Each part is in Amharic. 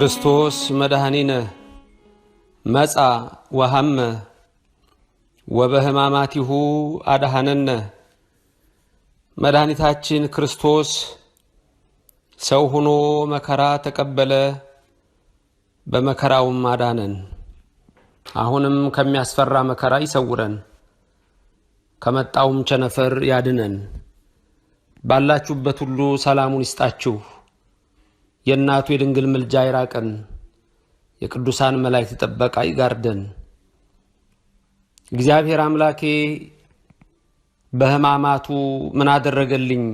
ክርስቶስ መድኃኒነ መጻ ወሐመ ወበሕማማቲሁ አድኃነነ። መድኃኒታችን ክርስቶስ ሰው ሆኖ መከራ ተቀበለ፣ በመከራውም አዳነን። አሁንም ከሚያስፈራ መከራ ይሰውረን፣ ከመጣውም ቸነፈር ያድነን። ባላችሁበት ሁሉ ሰላሙን ይስጣችሁ። የእናቱ የድንግል ምልጃ ይራቀን፣ የቅዱሳን መላእክት ጥበቃ ይጋርደን። እግዚአብሔር አምላኬ በሕማማቱ ምን አደረገልኝ?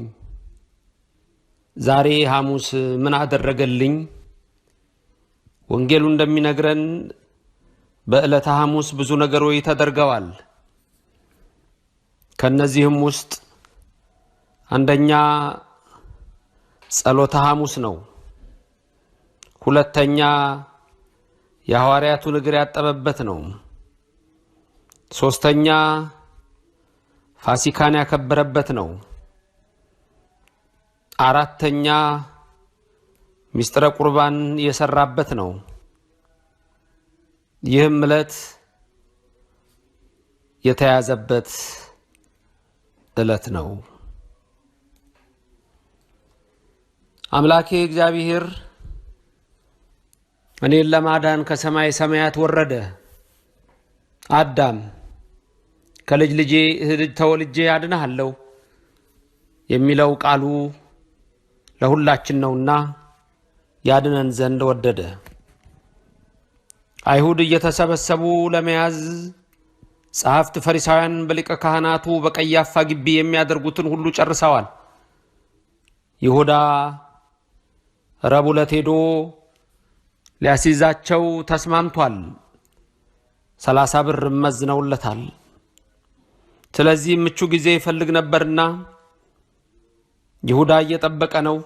ዛሬ ሐሙስ ምን አደረገልኝ? ወንጌሉ እንደሚነግረን በዕለተ ሐሙስ ብዙ ነገሮች ተደርገዋል። ከእነዚህም ውስጥ አንደኛ ጸሎተ ሐሙስ ነው። ሁለተኛ የሐዋርያቱን እግር ያጠበበት ነው። ሦስተኛ ፋሲካን ያከበረበት ነው። አራተኛ ሚስጥረ ቁርባን የሰራበት ነው። ይህም ዕለት የተያዘበት ዕለት ነው። አምላኬ እግዚአብሔር እኔን ለማዳን ከሰማይ ሰማያት ወረደ። አዳም ከልጅ ልጄ ልጅ ተወልጄ አድናሃለሁ የሚለው ቃሉ ለሁላችን ነውና ያድነን ዘንድ ወደደ። አይሁድ እየተሰበሰቡ ለመያዝ ጸሐፍት ፈሪሳውያን በሊቀ ካህናቱ በቀያፋ ግቢ የሚያደርጉትን ሁሉ ጨርሰዋል። ይሁዳ ረቡዕ ዕለት ሄዶ ሊያስይዛቸው ተስማምቷል። ሰላሳ ብር መዝነውለታል። ስለዚህ ምቹ ጊዜ ይፈልግ ነበርና ይሁዳ እየጠበቀ ነው።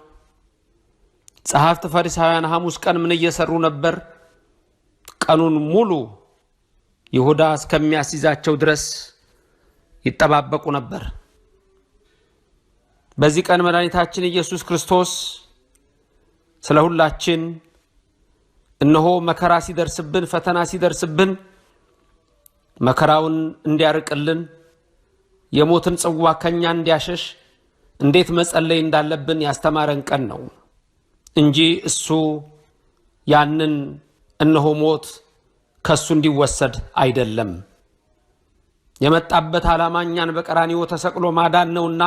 ጸሐፍት ፈሪሳውያን ሐሙስ ቀን ምን እየሰሩ ነበር? ቀኑን ሙሉ ይሁዳ እስከሚያስይዛቸው ድረስ ይጠባበቁ ነበር። በዚህ ቀን መድኃኒታችን ኢየሱስ ክርስቶስ ስለ ሁላችን እነሆ መከራ ሲደርስብን፣ ፈተና ሲደርስብን መከራውን እንዲያርቅልን የሞትን ጽዋ ከኛ እንዲያሸሽ እንዴት መጸለይ እንዳለብን ያስተማረን ቀን ነው እንጂ እሱ ያንን እነሆ ሞት ከእሱ እንዲወሰድ አይደለም። የመጣበት ዓላማ እኛን በቀራኒዎ ተሰቅሎ ማዳን ነውና፣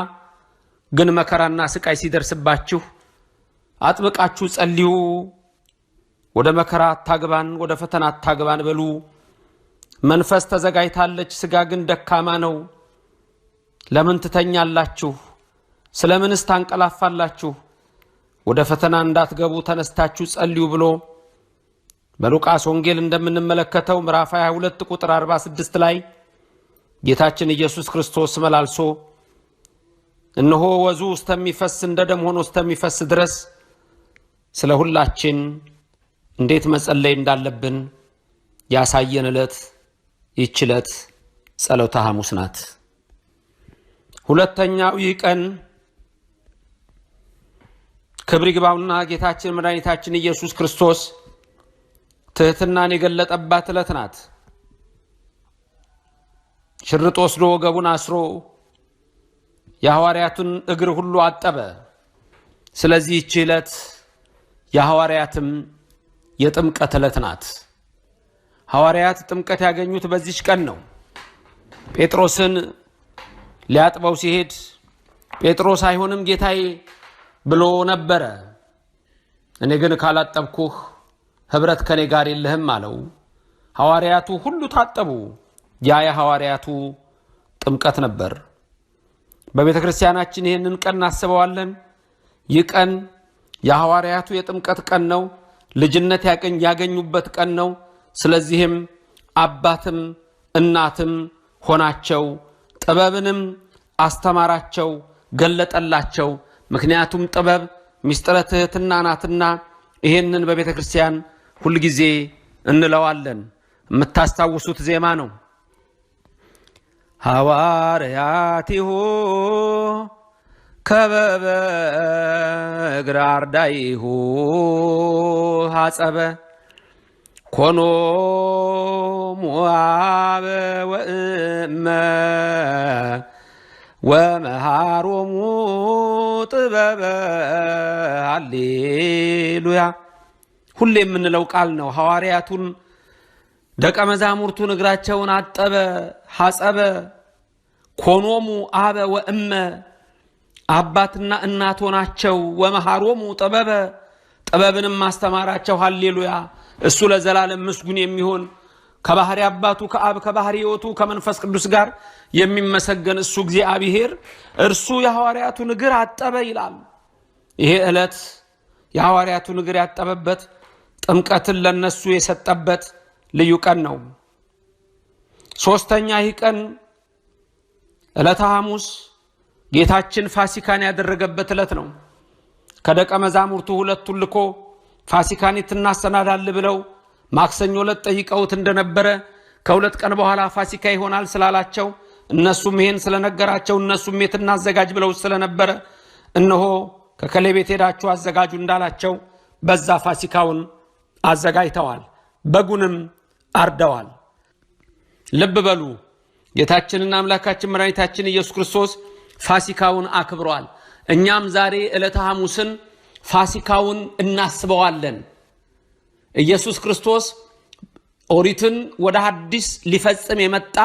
ግን መከራና ስቃይ ሲደርስባችሁ አጥብቃችሁ ጸልዩ ወደ መከራ አታግባን፣ ወደ ፈተና አታግባን በሉ። መንፈስ ተዘጋጅታለች፣ ስጋ ግን ደካማ ነው። ለምን ትተኛላችሁ? ስለ ምንስ ታንቀላፋላችሁ? ወደ ፈተና እንዳትገቡ ተነስታችሁ ጸልዩ ብሎ በሉቃስ ወንጌል እንደምንመለከተው ምዕራፍ 22 ቁጥር 46 ላይ ጌታችን ኢየሱስ ክርስቶስ መላልሶ እነሆ ወዙ እስከሚፈስ እንደ ደም ሆኖ እስከሚፈስ ድረስ ስለ ሁላችን እንዴት መጸለይ እንዳለብን ያሳየን ዕለት ይች ዕለት ጸሎተ ሐሙስ ናት። ሁለተኛው ይህ ቀን ክብር ይግባውና ጌታችን መድኃኒታችን ኢየሱስ ክርስቶስ ትሕትናን የገለጠባት ዕለት ናት። ሽርጥ ወስዶ ወገቡን አስሮ የሐዋርያቱን እግር ሁሉ አጠበ። ስለዚህ ይቺ ዕለት የሐዋርያትም የጥምቀት ዕለት ናት። ሐዋርያት ጥምቀት ያገኙት በዚች ቀን ነው። ጴጥሮስን ሊያጥበው ሲሄድ ጴጥሮስ አይሆንም ጌታዬ ብሎ ነበረ። እኔ ግን ካላጠብኩህ ኅብረት ከኔ ጋር የለህም አለው። ሐዋርያቱ ሁሉ ታጠቡ። ያ የሐዋርያቱ ጥምቀት ነበር። በቤተ ክርስቲያናችን ይህንን ቀን እናስበዋለን። ይህ ቀን የሐዋርያቱ የጥምቀት ቀን ነው። ልጅነት ያገኙበት ቀን ነው። ስለዚህም አባትም እናትም ሆናቸው፣ ጥበብንም አስተማራቸው፣ ገለጠላቸው። ምክንያቱም ጥበብ ሚስጥረ ትህትና ናትና ይህንን በቤተ ክርስቲያን ሁልጊዜ እንለዋለን። የምታስታውሱት ዜማ ነው። ሐዋርያቲሁ ከበበ እግረ አርዳይሁ ሐጸበ ኮኖሙ አበ ወእመ ወመሃሮሙ ጥበበ ሃሌሉያ። ሁሌ የምንለው ቃል ነው። ሐዋርያቱን ደቀ መዛሙርቱን እግራቸውን አጠበ፣ ሐጸበ ኮኖሙ አበ ወእመ አባትና እናቶ ናቸው። ወመሃሮሙ ጥበበ ጥበብንም ማስተማራቸው። ሃሌሉያ እሱ ለዘላለም ምስጉን የሚሆን ከባህሪ አባቱ ከአብ ከባህሪ ሕይወቱ ከመንፈስ ቅዱስ ጋር የሚመሰገን እሱ እግዚአብሔር እርሱ የሐዋርያቱን እግር አጠበ ይላል። ይሄ ዕለት የሐዋርያቱን እግር ያጠበበት ጥምቀትን ለነሱ የሰጠበት ልዩ ቀን ነው። ሦስተኛ ይህ ቀን ዕለተ ሐሙስ ጌታችን ፋሲካን ያደረገበት ዕለት ነው። ከደቀ መዛሙርቱ ሁለቱን ልኮ ፋሲካን እናሰናዳል ብለው ማክሰኞ ዕለት ጠይቀውት እንደነበረ ከሁለት ቀን በኋላ ፋሲካ ይሆናል ስላላቸው እነሱም ይሄን ስለነገራቸው እነሱም የት እናዘጋጅ ብለው ስለነበረ እነሆ ከከሌ ቤት ሄዳችሁ አዘጋጁ እንዳላቸው በዛ ፋሲካውን አዘጋጅተዋል፣ በጉንም አርደዋል። ልብ በሉ ጌታችንና አምላካችን መድኃኒታችን ኢየሱስ ክርስቶስ ፋሲካውን አክብሯል። እኛም ዛሬ ዕለተ ሐሙስን ፋሲካውን እናስበዋለን። ኢየሱስ ክርስቶስ ኦሪትን ወደ አዲስ ሊፈጽም የመጣ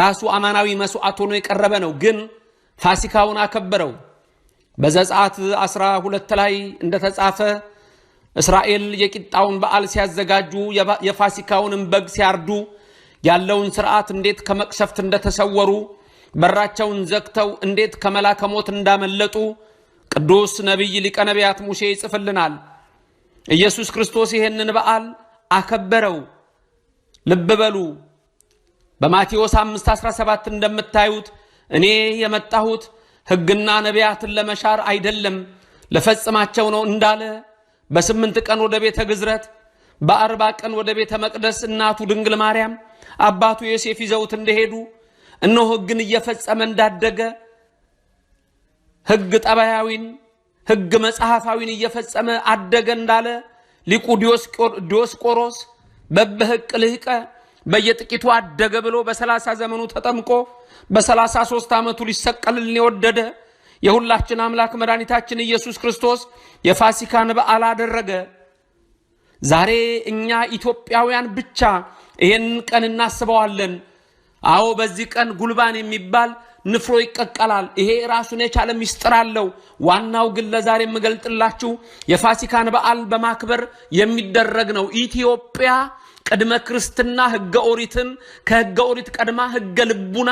ራሱ አማናዊ መስዋዕት ሆኖ የቀረበ ነው። ግን ፋሲካውን አከበረው። በዘጸአት 12 ላይ እንደተጻፈ እስራኤል የቂጣውን በዓል ሲያዘጋጁ የፋሲካውንም በግ ሲያርዱ ያለውን ስርዓት እንዴት ከመቅሰፍት እንደተሰወሩ በራቸውን ዘግተው እንዴት ከመላከ ሞት እንዳመለጡ ቅዱስ ነቢይ ሊቀ ነቢያት ሙሴ ይጽፍልናል። ኢየሱስ ክርስቶስ ይህንን በዓል አከበረው። ልብ በሉ። በማቴዎስ 5:17 እንደምታዩት እኔ የመጣሁት ሕግና ነቢያትን ለመሻር አይደለም ለፈጽማቸው ነው እንዳለ በስምንት ቀን ወደ ቤተ ግዝረት በአርባ ቀን ወደ ቤተ መቅደስ እናቱ ድንግል ማርያም አባቱ ዮሴፍ ይዘውት እንደሄዱ እነሆ ሕግን እየፈጸመ እንዳደገ ሕግ ጠባያዊን ሕግ መጽሐፋዊን እየፈጸመ አደገ እንዳለ ሊቁ ዲዮስቆሮስ በበህቅ ልህቀ በየጥቂቱ አደገ ብሎ በሰላሳ ዘመኑ ተጠምቆ በሰላሳ ሶስት ዓመቱ ሊሰቀልልን የወደደ የሁላችን አምላክ መድኃኒታችን ኢየሱስ ክርስቶስ የፋሲካን በዓል አደረገ። ዛሬ እኛ ኢትዮጵያውያን ብቻ ይህን ቀን እናስበዋለን። አዎ በዚህ ቀን ጉልባን የሚባል ንፍሮ ይቀቀላል። ይሄ ራሱን የቻለ ሚስጥር አለው። ዋናው ግን ለዛሬ የምገልጥላችሁ የፋሲካን በዓል በማክበር የሚደረግ ነው። ኢትዮጵያ ቅድመ ክርስትና ህገ ኦሪትን ከህገ ኦሪት ቀድማ ህገ ልቡና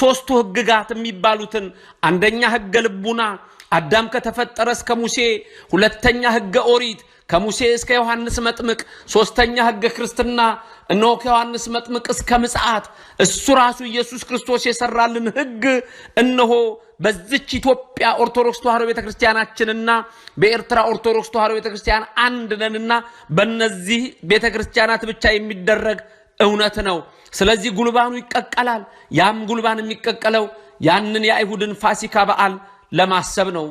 ሶስቱ ህግጋት የሚባሉትን አንደኛ ህገ ልቡና አዳም ከተፈጠረ እስከ ሙሴ፣ ሁለተኛ ህገ ኦሪት ከሙሴ እስከ ዮሐንስ መጥምቅ ሶስተኛ ህገ ክርስትና እነሆ ከዮሐንስ መጥምቅ እስከ ምጽአት እሱ ራሱ ኢየሱስ ክርስቶስ የሰራልን ህግ እነሆ በዚች ኢትዮጵያ ኦርቶዶክስ ተዋህዶ ቤተክርስቲያናችንና በኤርትራ ኦርቶዶክስ ተዋህዶ ክርስቲያን አንድ ነንና በእነዚህ ቤተክርስቲያናት ብቻ የሚደረግ እውነት ነው። ስለዚህ ጉልባኑ ይቀቀላል። ያም ጉልባን የሚቀቀለው ያንን የአይሁድን ፋሲካ በዓል ለማሰብ ነው።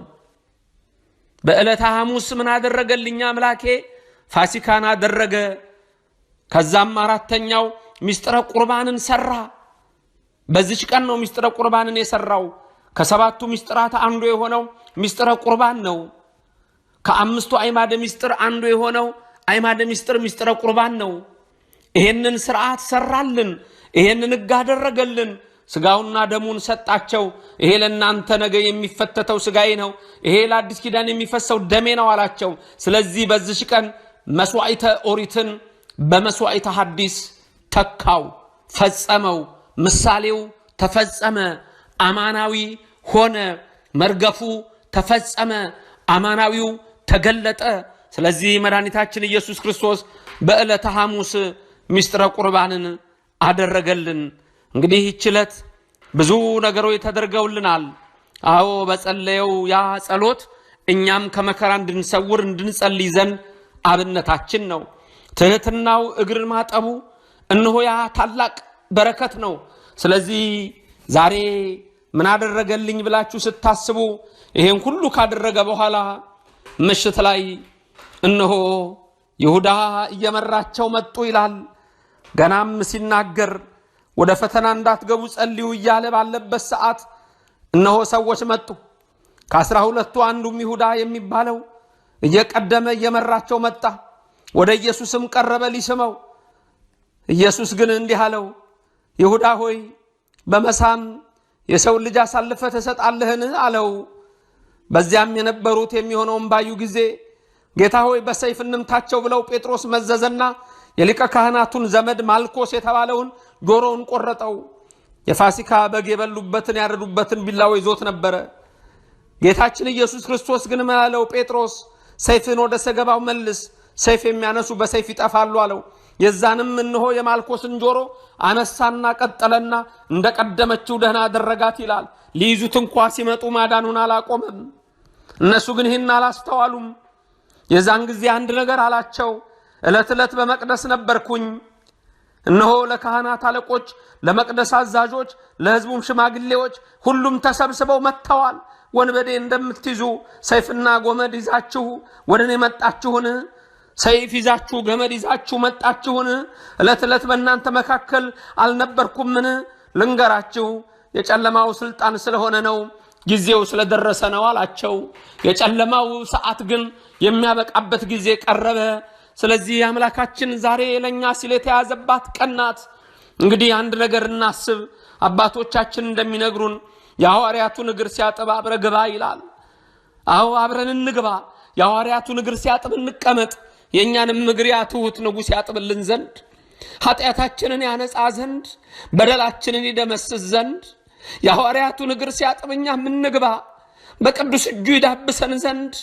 በዕለተ ሐሙስ ምን አደረገልኝ አምላኬ? ፋሲካን አደረገ። ከዛም አራተኛው ሚስጥረ ቁርባንን ሰራ። በዚች ቀን ነው ሚስጥረ ቁርባንን የሰራው። ከሰባቱ ሚስጥራት አንዱ የሆነው ሚስጥረ ቁርባን ነው። ከአምስቱ አይማደ ሚስጥር አንዱ የሆነው አይማደ ሚስጥር ሚስጥረ ቁርባን ነው። ይሄንን ስርዓት ሰራልን። ይሄንን ሕግ አደረገልን። ስጋውና ደሙን ሰጣቸው። ይሄ ለእናንተ ነገ የሚፈተተው ስጋዬ ነው፣ ይሄ ለአዲስ ኪዳን የሚፈሰው ደሜ ነው አላቸው። ስለዚህ በዚሽ ቀን መስዋዕተ ኦሪትን በመስዋዕተ ሐዲስ ተካው፣ ፈጸመው። ምሳሌው ተፈጸመ፣ አማናዊ ሆነ። መርገፉ ተፈጸመ፣ አማናዊው ተገለጠ። ስለዚህ መድኃኒታችን ኢየሱስ ክርስቶስ በዕለተ ሐሙስ ምስጢረ ቁርባንን አደረገልን። እንግዲህ ይህች ዕለት ብዙ ነገሮች ተደርገውልናል። አዎ በጸለየው ያ ጸሎት እኛም ከመከራ እንድንሰውር እንድንጸልይ ዘንድ አብነታችን ነው። ትህትናው እግር ማጠቡ እነሆ ያ ታላቅ በረከት ነው። ስለዚህ ዛሬ ምን አደረገልኝ ብላችሁ ስታስቡ ይሄን ሁሉ ካደረገ በኋላ ምሽት ላይ እነሆ ይሁዳ እየመራቸው መጡ ይላል። ገናም ሲናገር ወደ ፈተና እንዳትገቡ ጸልዩ እያለ ባለበት ሰዓት እነሆ ሰዎች መጡ። ከአስራ ሁለቱ አንዱም ይሁዳ የሚባለው እየቀደመ እየመራቸው መጣ። ወደ ኢየሱስም ቀረበ ሊስመው። ኢየሱስ ግን እንዲህ አለው፣ ይሁዳ ሆይ በመሳም የሰውን ልጅ አሳልፈ ትሰጣለህን? አለው። በዚያም የነበሩት የሚሆነውን ባዩ ጊዜ ጌታ ሆይ በሰይፍ እንምታቸው ብለው ጴጥሮስ መዘዘና የሊቀ ካህናቱን ዘመድ ማልኮስ የተባለውን ጆሮውን ቆረጠው። የፋሲካ በግ የበሉበትን ያረዱበትን ቢላው ይዞት ነበረ። ጌታችን ኢየሱስ ክርስቶስ ግን ምን ጴጥሮስ ሰይፍን ወደ ሰገባው መልስ፣ ሰይፍ የሚያነሱ በሰይፍ ይጠፋሉ አለው። የዛንም እንሆ የማልኮስን ጆሮ አነሳና ቀጠለና እንደ ቀደመችው ደህና አደረጋት ይላል። ሊይዙት እንኳ ሲመጡ ማዳኑን አላቆመም። እነሱ ግን ይህን አላስተዋሉም። የዛን ጊዜ አንድ ነገር አላቸው። ዕለት ዕለት በመቅደስ ነበርኩኝ። እነሆ ለካህናት አለቆች፣ ለመቅደስ አዛዦች፣ ለሕዝቡም ሽማግሌዎች ሁሉም ተሰብስበው መጥተዋል። ወንበዴ እንደምትይዙ ሰይፍና ጎመድ ይዛችሁ ወደ እኔ መጣችሁን? ሰይፍ ይዛችሁ ገመድ ይዛችሁ መጣችሁን? ዕለት ዕለት በእናንተ መካከል አልነበርኩምን? ልንገራችሁ፣ የጨለማው ስልጣን ስለሆነ ነው፣ ጊዜው ስለደረሰ ነው አላቸው። የጨለማው ሰዓት ግን የሚያበቃበት ጊዜ ቀረበ። ስለዚህ አምላካችን ዛሬ ለእኛ ሲል የተያዘባት ቀን ናት። እንግዲህ አንድ ነገር እናስብ። አባቶቻችን እንደሚነግሩን የሐዋርያቱን እግር ሲያጥብ አብረ ግባ ይላል። አዎ አብረን እንግባ። የሐዋርያቱን እግር ሲያጥብ እንቀመጥ። የእኛንም እግር ያ ትሑት ንጉሥ ያጥብልን ዘንድ ኃጢአታችንን ያነጻ ዘንድ በደላችንን ይደመስስ ዘንድ የሐዋርያቱን እግር ሲያጥብ እኛም እንግባ። በቅዱስ እጁ ይዳብሰን ዘንድ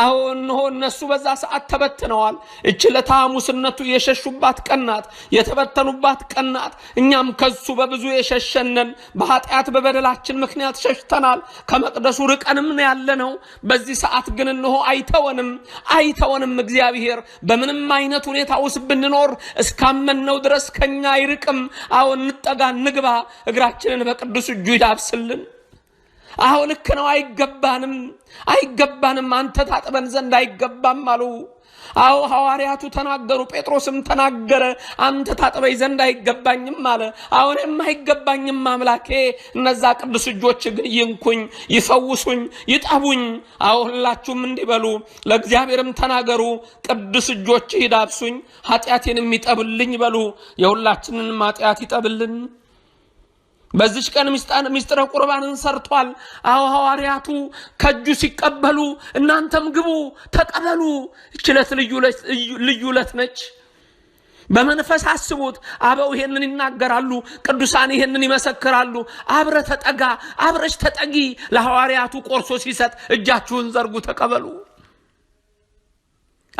አሁን እነሆ እነሱ በዛ ሰዓት ተበትነዋል። እች ለታሙስነቱ ሐሙስነቱ የሸሹባት ቀናት የተበተኑባት ቀናት። እኛም ከሱ በብዙ የሸሸነን በኃጢአት በበደላችን ምክንያት ሸሽተናል። ከመቅደሱ ርቀንም ያለነው በዚህ ሰዓት ግን እንሆ አይተወንም፣ አይተወንም። እግዚአብሔር በምንም አይነት ሁኔታ ውስጥ ብንኖር እስካመንነው ድረስ ከኛ አይርቅም። አሁን እንጠጋ፣ እንግባ። እግራችንን በቅዱስ እጁ ይዳብስልን። አሁ ልክ ነው፣ አይገባንም፣ አይገባንም፣ አንተ ታጥበን ዘንድ አይገባም አሉ። አዎ ሐዋርያቱ ተናገሩ፣ ጴጥሮስም ተናገረ። አንተ ታጥበኝ ዘንድ አይገባኝም አለ። አሁንም አይገባኝም አምላኬ። እነዛ ቅዱስ እጆች ግን ይንኩኝ፣ ይፈውሱኝ፣ ይጠቡኝ። አዎ ሁላችሁም እንዲበሉ ለእግዚአብሔርም ተናገሩ። ቅዱስ እጆች ይዳብሱኝ፣ ኃጢአቴንም ይጠብልኝ በሉ። የሁላችንንም ኃጢአት ይጠብልን። በዚች ቀን ምስጢረ ቁርባንን ሰርቷል። አዎ ሐዋርያቱ ከእጁ ሲቀበሉ እናንተም ግቡ ተቀበሉ። እችለት ልዩ ዕለት ነች። በመንፈስ አስቡት። አበው ይሄንን ይናገራሉ፣ ቅዱሳን ይሄንን ይመሰክራሉ። አብረ ተጠጋ፣ አብረች ተጠጊ። ለሐዋርያቱ ቆርሶ ሲሰጥ እጃችሁን ዘርጉ ተቀበሉ።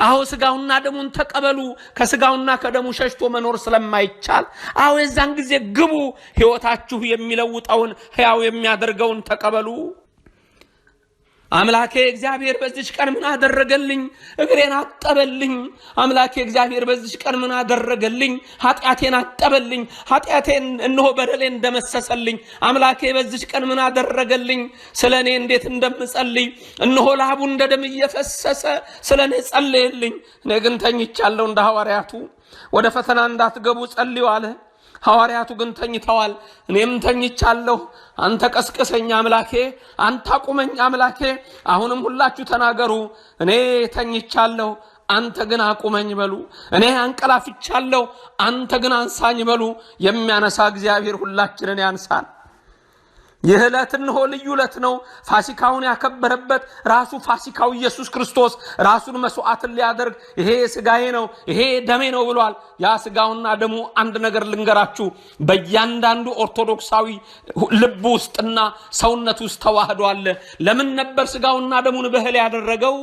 አዎ ስጋውና ደሙን ተቀበሉ። ከስጋውና ከደሙ ሸሽቶ መኖር ስለማይቻል፣ አዎ የዛን ጊዜ ግቡ፣ ሕይወታችሁ የሚለውጠውን ሕያው የሚያደርገውን ተቀበሉ። አምላኬ እግዚአብሔር በዚች ቀን ምን አደረገልኝ? እግሬን አጠበልኝ። አምላኬ እግዚአብሔር በዚች ቀን ምን አደረገልኝ? ኃጢአቴን አጠበልኝ። ኃጢአቴን እነሆ በደሌ እንደመሰሰልኝ። አምላኬ በዚች ቀን ምን አደረገልኝ? ስለ እኔ እንዴት እንደምጸልይ እነሆ ላቡ እንደ ደም እየፈሰሰ ስለ እኔ ጸልየልኝ። እኔ ግን ተኝቻለሁ እንደ ሐዋርያቱ ወደ ፈተና እንዳትገቡ ጸልዩ አለ። ሐዋርያቱ ግን ተኝተዋል። እኔም ተኝቻለሁ። አንተ ቀስቅሰኝ አምላኬ፣ አንተ አቁመኝ አምላኬ። አሁንም ሁላችሁ ተናገሩ። እኔ ተኝቻለሁ አንተ ግን አቁመኝ በሉ። እኔ አንቀላፍቻለሁ፣ አንተ ግን አንሳኝ በሉ። የሚያነሳ እግዚአብሔር ሁላችንን ያንሳል። ይህ ዕለት እንሆ ልዩ ዕለት ነው። ፋሲካውን ያከበረበት ራሱ ፋሲካው ኢየሱስ ክርስቶስ ራሱን መስዋዕትን ሊያደርግ ይሄ ስጋዬ ነው ይሄ ደሜ ነው ብሏል። ያ ስጋውና ደሙ አንድ ነገር ልንገራችሁ፣ በእያንዳንዱ ኦርቶዶክሳዊ ልብ ውስጥና ሰውነት ውስጥ ተዋህዶ አለ። ለምን ነበር ስጋውና ደሙን በእህል ያደረገው?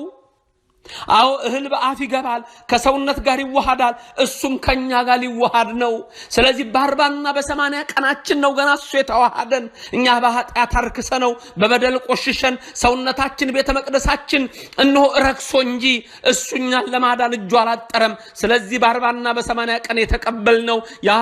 አዎ እህል በአፍ ይገባል፣ ከሰውነት ጋር ይዋሃዳል፣ እሱም ከኛ ጋር ሊዋሃድ ነው። ስለዚህ በአርባና በሰማንያ ቀናችን ነው ገና እሱ የተዋሃደን። እኛ በኃጢአት አርክሰ ነው በበደል ቆሽሸን ሰውነታችን ቤተ መቅደሳችን እንሆ ረክሶ እንጂ እሱ እኛን ለማዳን እጁ አላጠረም። ስለዚህ በአርባና በሰማንያ ቀን የተቀበልነው ያ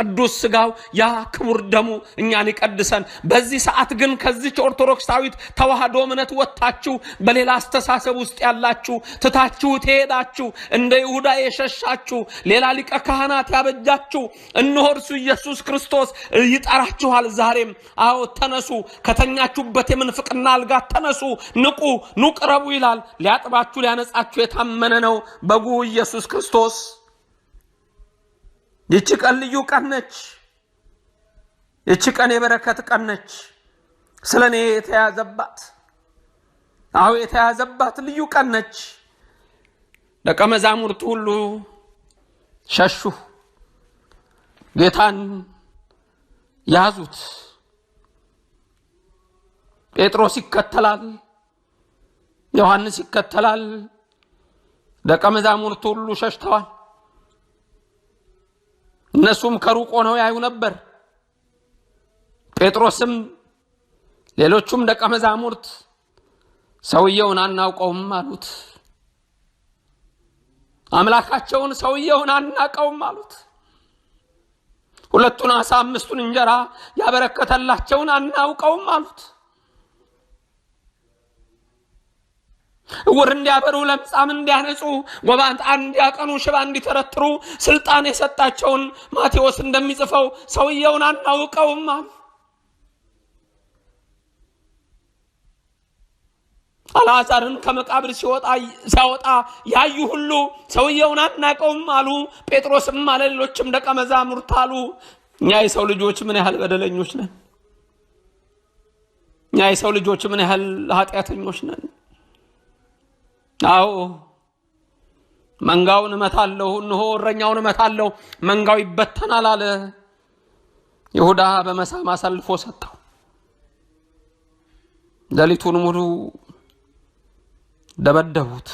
ቅዱስ ስጋው ያ ክቡር ደሙ እኛን ይቀድሰን። በዚህ ሰዓት ግን ከዚች ኦርቶዶክሳዊት ተዋህዶ እምነት ወጥታችሁ በሌላ አስተሳሰብ ውስጥ ያላችሁ ትታችሁ ትሄዳችሁ፣ እንደ ይሁዳ የሸሻችሁ ሌላ ሊቀ ካህናት ያበጃችሁ፣ እነሆ እርሱ ኢየሱስ ክርስቶስ ይጠራችኋል ዛሬም። አዎ ተነሱ፣ ከተኛችሁበት የምንፍቅና አልጋ ተነሱ፣ ንቁ፣ ኑ ቅረቡ ይላል። ሊያጥባችሁ ሊያነጻችሁ የታመነ ነው በጉ ኢየሱስ ክርስቶስ። ይቺ ቀን ልዩ ቀን ነች። ይቺ ቀን የበረከት ቀን ነች። ስለ እኔ የተያዘባት አሁ የተያዘባት ልዩ ቀን ነች። ደቀ መዛሙርቱ ሁሉ ሸሹ፣ ጌታን ያዙት። ጴጥሮስ ይከተላል፣ ዮሐንስ ይከተላል። ደቀ መዛሙርቱ ሁሉ ሸሽተዋል። እነሱም ከሩቅ ሆነው ያዩ ነበር። ጴጥሮስም ሌሎቹም ደቀ መዛሙርት ሰውየውን አናውቀውም አሉት። አምላካቸውን ሰውየውን አናቀውም አሉት። ሁለቱን አሳ አምስቱን እንጀራ ያበረከተላቸውን አናውቀውም አሉት። እውር እንዲያበሩ፣ ለምጻም እንዲያነጹ፣ ጎባጣ እንዲያቀኑ፣ ሽባ እንዲተረትሩ ስልጣን የሰጣቸውን ማቴዎስ እንደሚጽፈው ሰውየውን አናውቀውም አሉ። አልዓዛርን ከመቃብር ሲወጣ ሲያወጣ ያዩ ሁሉ ሰውየውን አናቀውም አሉ። ጴጥሮስም አለ ሌሎችም ደቀ መዛሙርት አሉ፣ እኛ የሰው ልጆች ምን ያህል በደለኞች ነን። እኛ የሰው ልጆች ምን ያህል ኃጢአተኞች ነን። አዎ መንጋውን እመታለሁ፣ እንሆ እረኛውን እመታለሁ፣ መንጋው ይበተናል አለ። ይሁዳ በመሳም አሳልፎ ሰጠው። ሌሊቱን ሙሉ ደበደቡት፣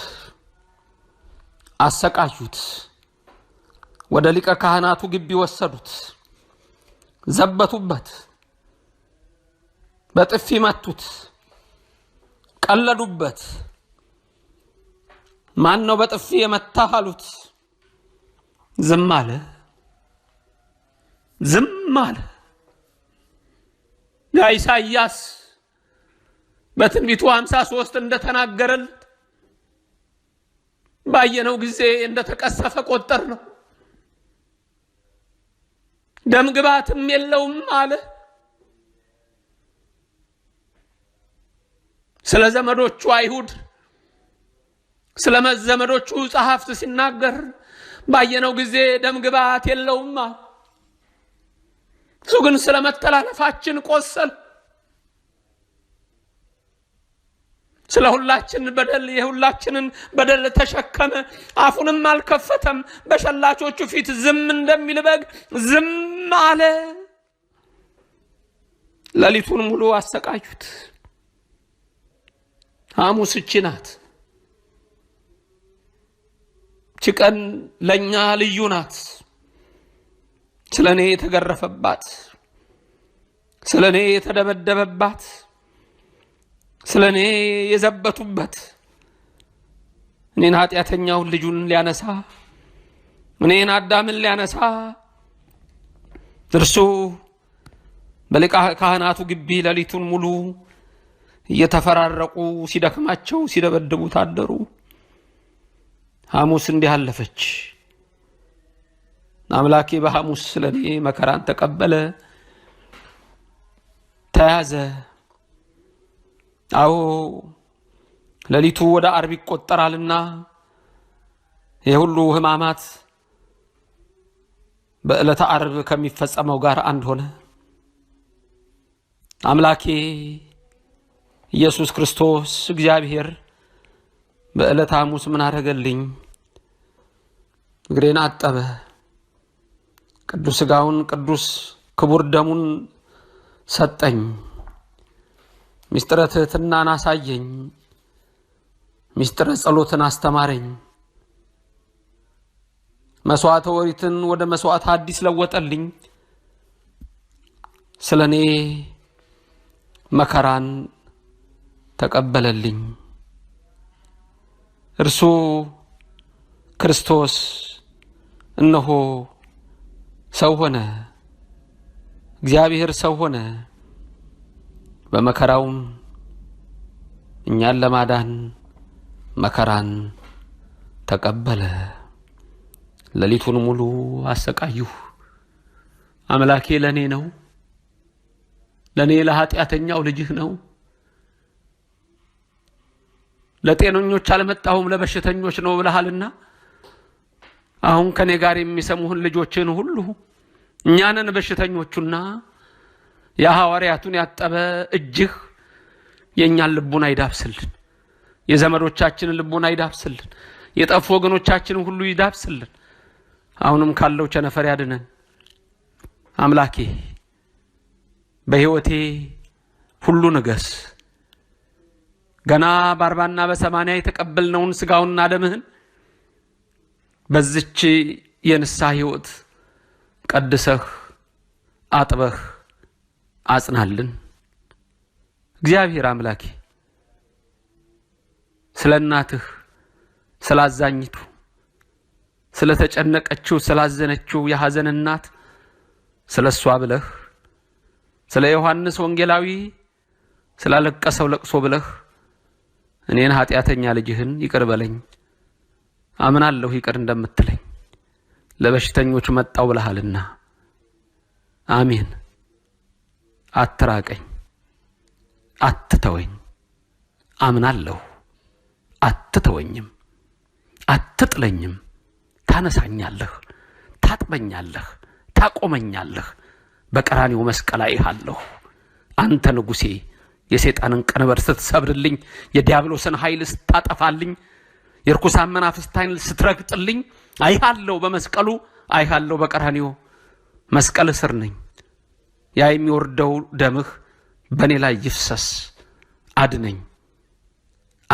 አሰቃዩት። ወደ ሊቀ ካህናቱ ግቢ ወሰዱት፣ ዘበቱበት፣ በጥፊ መቱት፣ ቀለዱበት። ማን ነው በጥፊ የመታህ አሉት። ዝም አለ፣ ዝም አለ። ያ ኢሳይያስ በትንቢቱ 53 እንደተናገረን ባየነው ጊዜ እንደተቀሰፈ ቆጠር ነው። ደም ግባትም የለውም አለ። ስለ ዘመዶቹ አይሁድ ስለ ዘመዶቹ ጸሐፍት ሲናገር ባየነው ጊዜ ደም ግባት የለውም አለ። እሱ ግን ስለ መተላለፋችን ቆሰል ስለ ሁላችን በደል የሁላችንን በደል ተሸከመ። አፉንም አልከፈተም። በሸላቾቹ ፊት ዝም እንደሚል በግ ዝም አለ። ሌሊቱን ሙሉ አሰቃዩት። ሐሙስ እቺ ናት። እቺ ቀን ለእኛ ልዩ ናት። ስለ እኔ የተገረፈባት፣ ስለ እኔ የተደበደበባት ስለ እኔ የዘበቱበት እኔን ኃጢአተኛውን ልጁን ሊያነሳ እኔን አዳምን ሊያነሳ እርሱ በሊቀ ካህናቱ ግቢ ሌሊቱን ሙሉ እየተፈራረቁ ሲደክማቸው ሲደበድቡ ታደሩ። ሐሙስ እንዲህ አለፈች። አምላኬ በሐሙስ ስለ እኔ መከራን ተቀበለ፣ ተያዘ አዎ ሌሊቱ ወደ አርብ ይቆጠራልና የሁሉ ሕማማት በዕለተ አርብ ከሚፈጸመው ጋር አንድ ሆነ። አምላኬ ኢየሱስ ክርስቶስ እግዚአብሔር በዕለተ ሐሙስ ምን አደረገልኝ? እግሬን አጠበ። ቅዱስ ሥጋውን ቅዱስ ክቡር ደሙን ሰጠኝ። ሚስጥረ ትህትናን አሳየኝ። ሚስጥረ ጸሎትን አስተማረኝ። መስዋዕተ ኦሪትን ወደ መስዋዕት አዲስ ለወጠልኝ። ስለ እኔ መከራን ተቀበለልኝ። እርሱ ክርስቶስ እነሆ ሰው ሆነ፣ እግዚአብሔር ሰው ሆነ። በመከራውም እኛን ለማዳን መከራን ተቀበለ። ሌሊቱን ሙሉ አሰቃዩሁ። አምላኬ ለእኔ ነው፣ ለእኔ ለኃጢአተኛው ልጅህ ነው። ለጤነኞች አልመጣሁም ለበሽተኞች ነው ብለሃልና አሁን ከእኔ ጋር የሚሰሙህን ልጆችን ሁሉ እኛንን በሽተኞቹና የሐዋርያቱን ያጠበ እጅህ የእኛን ልቡን አይዳብስልን፣ የዘመዶቻችንን ልቡን አይዳብስልን፣ የጠፉ ወገኖቻችንን ሁሉ ይዳብስልን። አሁንም ካለው ቸነፈር ያድነን። አምላኬ በሕይወቴ ሁሉ ንገስ። ገና በአርባና በሰማንያ የተቀበልነውን ሥጋውንና ደምህን በዝች የንስሐ ሕይወት ቀድሰህ አጥበህ አጽናልን። እግዚአብሔር አምላኬ ስለ እናትህ ስላዛኝቱ ስለተጨነቀችው ስላዘነችው የሐዘን እናት ስለ እሷ ብለህ ስለ ዮሐንስ ወንጌላዊ ስላለቀሰው ለቅሶ ብለህ እኔን ኃጢአተኛ ልጅህን ይቅር በለኝ፣ አምናለሁ ይቅር እንደምትለኝ ለበሽተኞች መጣው ብለሃልና አሜን። አትራቀኝ፣ አትተወኝ። አምናለሁ፣ አትተወኝም፣ አትጥለኝም። ታነሳኛለህ፣ ታጥበኛለህ፣ ታቆመኛለህ። በቀራኒው መስቀል አይሃለሁ። አንተ ንጉሴ የሰይጣንን ቀንበር ስትሰብርልኝ፣ የዲያብሎስን ኃይል ስታጠፋልኝ፣ የርኩሳን መናፍስት ኃይል ስትረግጥልኝ አይሃለሁ በመስቀሉ አይሃለሁ በቀራኒው መስቀል እስር ነኝ። ያ የሚወርደው ደምህ በእኔ ላይ ይፍሰስ፣ አድነኝ።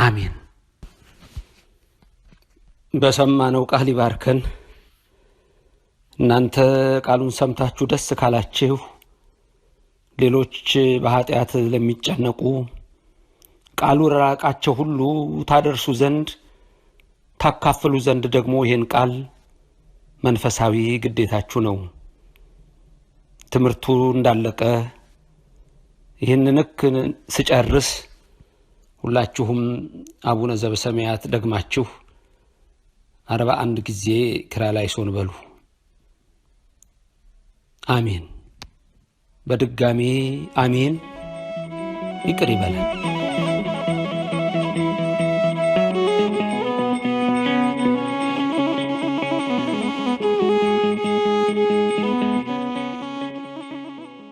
አሜን። በሰማነው ቃል ይባርከን። እናንተ ቃሉን ሰምታችሁ ደስ ካላችሁ ሌሎች በኃጢአት ለሚጨነቁ ቃሉ ራቃቸው ሁሉ ታደርሱ ዘንድ ታካፍሉ ዘንድ ደግሞ ይህን ቃል መንፈሳዊ ግዴታችሁ ነው። ትምህርቱ እንዳለቀ ይህንን ስጨርስ ሁላችሁም አቡነ ዘበሰማያት ደግማችሁ አርባ አንድ ጊዜ ላይ ሶን በሉ። አሜን። በድጋሜ አሜን። ይቅር ይበላል።